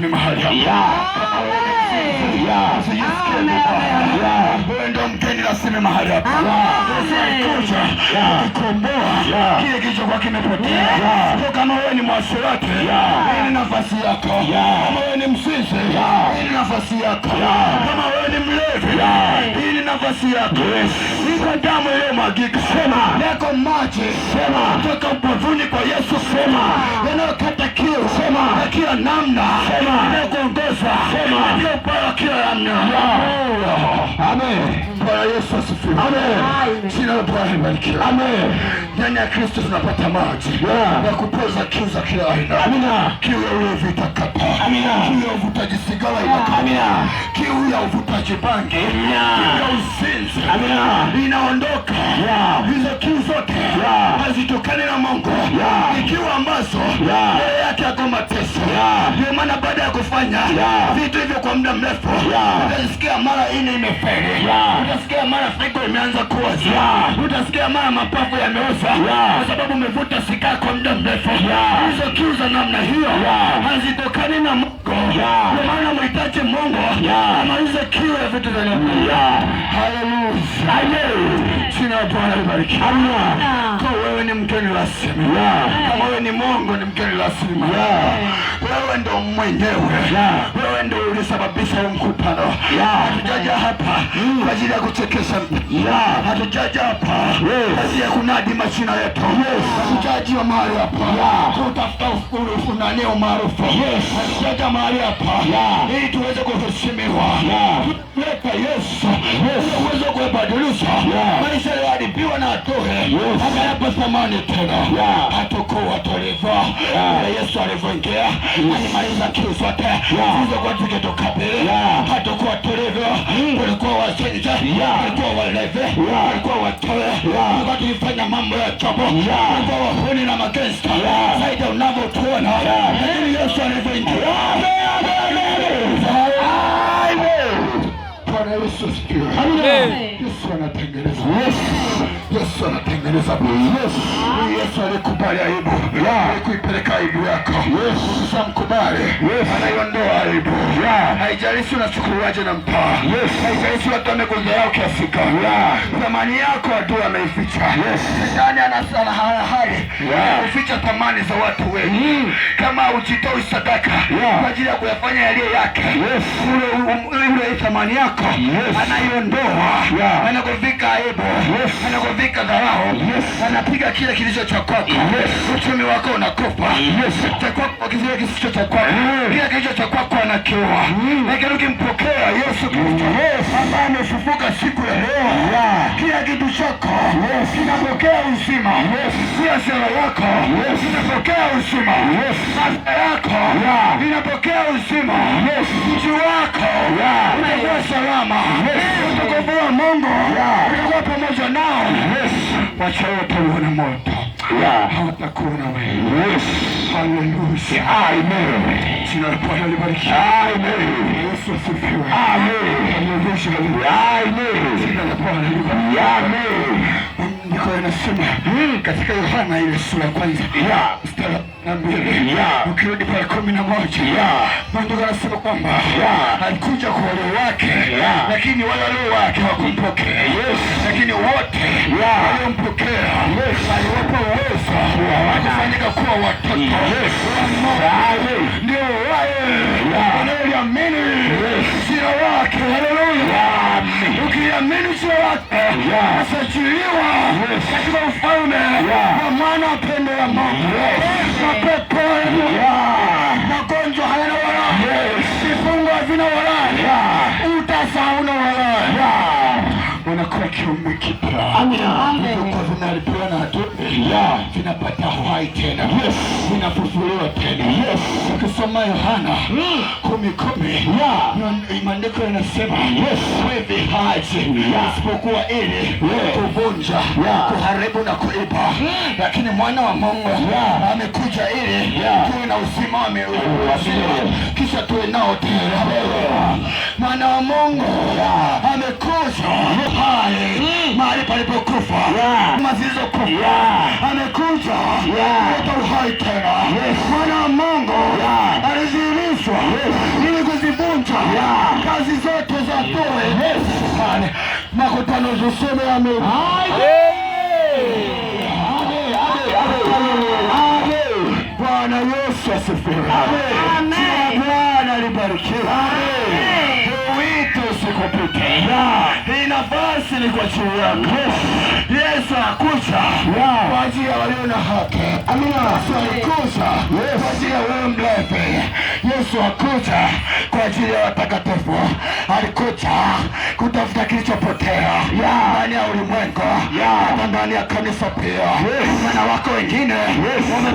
ni mahali wewe ndio mgeni rasmi mahali hapa. Kuja kukomboa kile kilichokuwa kimepotea. Kama wewe ni mwasherati, hii ni nafasi yako. Kama wewe ni msisi, hii ni nafasi yako. Kama wewe ni mlevi, hii ni nafasi yako. Iko damu iliyomwagika, sema yako maji, sema toka ubavuni kwa Yesu, sema yanayokata kiu, sema kila namna kuongozwa katika ubaya wa kila namna. Amen. Bwana Yesu asifiwe. Amen. Jina la Bwana libarikiwe. Amen. Ndani ya Kristo tunapata maji ya kupoza kiu za kila aina. Amina. Kiu ya ulevi itakapa. Amina. Kiu ya uvutaji sigara itakapa. Amina. Kiu ya uvutaji bangi. Amina. Kiu ya uzinzi. Amina. Inaondoka. Hizo kiu haziondokani na Mungu ikiwa ambazo yeye yake yako mateso. Ndio maana baada ya kufanya vitu hivyo kwa muda mrefu, utasikia mara ini imefeli, utasikia mara figo imeanza kuoza, utasikia mara mapafu yameoza, kwa sababu umevuta sikaa kwa muda mrefu. Hizo kiu za namna hiyo hazitokani na Mungu. Ndio maana mhitaji Mungu amalize kiu ya vitu vya namna. Haleluya! Jina Sina Bwana libarikiwe. Kwa wewe ni mgeni rasmi. Kama wewe ni Mungu ni mgeni rasmi. Wewe ndo mwenyewe, wewe ndo ulisababisha huu mkutano. Hatujaja hapa mm. kwa ajili ya kuchekesha, hatujaja hapa kwa ajili ya kunadi majina yetu, Hatujaji wa mahali hapa kutafuta unani umaarufu, hatujaja mahali hapa ili tuweze kuheshimiwa. Leta Yesu uweze kubadilisha maisha akiwa na atohe akayapa thamani tena, hatakuwa tulivu na Yesu alivyoingia alimaliza kiu zote zilizokuwa mm. Kulikuwa Hatakuwa tulivu, Kulikuwa wazinzi, tulikuwa Kulikuwa tulikuwa watoe, tulikuwa tulifanya mambo ya chapo, tulikuwa wahuni na magensta magangsta zaidi unavyotuona, lakini Yesu alivyoingia Bwana Yesu asifiwe. Yesu anatengeneza. Yesu anatengeneza. Yesu alikubali aibu. Alikuipeleka aibu yako. Sasa mkubali. Anaiondoa aibu. Haijalishi unachukuliwaje na mpaa. Haijalishi watu wamekudharau kiasi gani. Thamani yako adui ameificha. Shetani ana hali ya kuficha thamani za watu wengi. Kama hujitoi sadaka kwa ajili ya kuyafanya yaliyo yake, ule thamani yako anaiondoa, anakuvika anakuvika aibu, anakuvika dharau, anapiga kile kilicho cha kwako. Uchumi wako unakufa, kile kisicho cha kwako, mm. kile kilicho cha kwako anakiua. Mm. Lakini ukimpokea Yesu Kristo ambaye amefufuka siku ya leo, kila kitu chako kinapokea uzima, biashara yako inapokea uzima, afya yako inapokea uzima, mji wako unakuwa salama. Utukufu wa Mungu ulikuwa pamoja nao yes. Wacha wote uone moto yeah. Hawatakuwa wewe yes. Haleluya, amen. Jina la Bwana libarikiwe, amen. Yesu asifiwe, amen. Haleluya, amen. Jina la Bwana libarikiwe, amen maandiko yanasema hmm, katika Yohana ile sura ya kwanza yeah. mstari na mbili yeah. ukirudi pale kumi na moja maandiko yanasema kwamba alikuja kwa walio wake lakini wale walio wake hawakumpokea yes. lakini wote waliompokea yes. aliwapa uwezo wa kufanyika kuwa watoto yes. ndio wale wanaoliamini jina lake. Haleluya! ukiamini jina lake asajiliwa katika ufalme wa mwana apendwa wa Mungu. Mapepo magonjwa hayana wala, vifungo havina wala, utasa hauna wala, unakuwa kiumbe kipya. Amina yeah. vinapata uhai tena yes. vinafufuliwa tena yes. ukisoma Yohana mm. kumi kumi yeah. maandiko yanasema yes. isipokuwa ili kuvunja kuharibu na kuiba mm. lakini mwana wa Mungu amekuja ili yeah. tuwe na uzima wa milele kisha tuwe nao tena. Mwana wa Mungu yeah. amekuja yeah mahali palipokufa, nyama zilizokufa, amekuja kuleta uhai tena. Mwana wa Mungu alizihirishwa ili kuzivunja kazi zote za toe makutano ziseme amen. Bwana Yesu asifiwe. Bwana Amen uliopita nafasi ni kwa juu yako. Yesu anakuja kwa ajili ya walio na haki. Amina. Yesu anakuja kwa ajili ya wewe mlevi. Yesu anakuja kwa ajili ya watakatifu. Alikuja kutafuta kilichopotea ndani ya ulimwengu, hata ndani ya kanisa pia. Wana wako wengine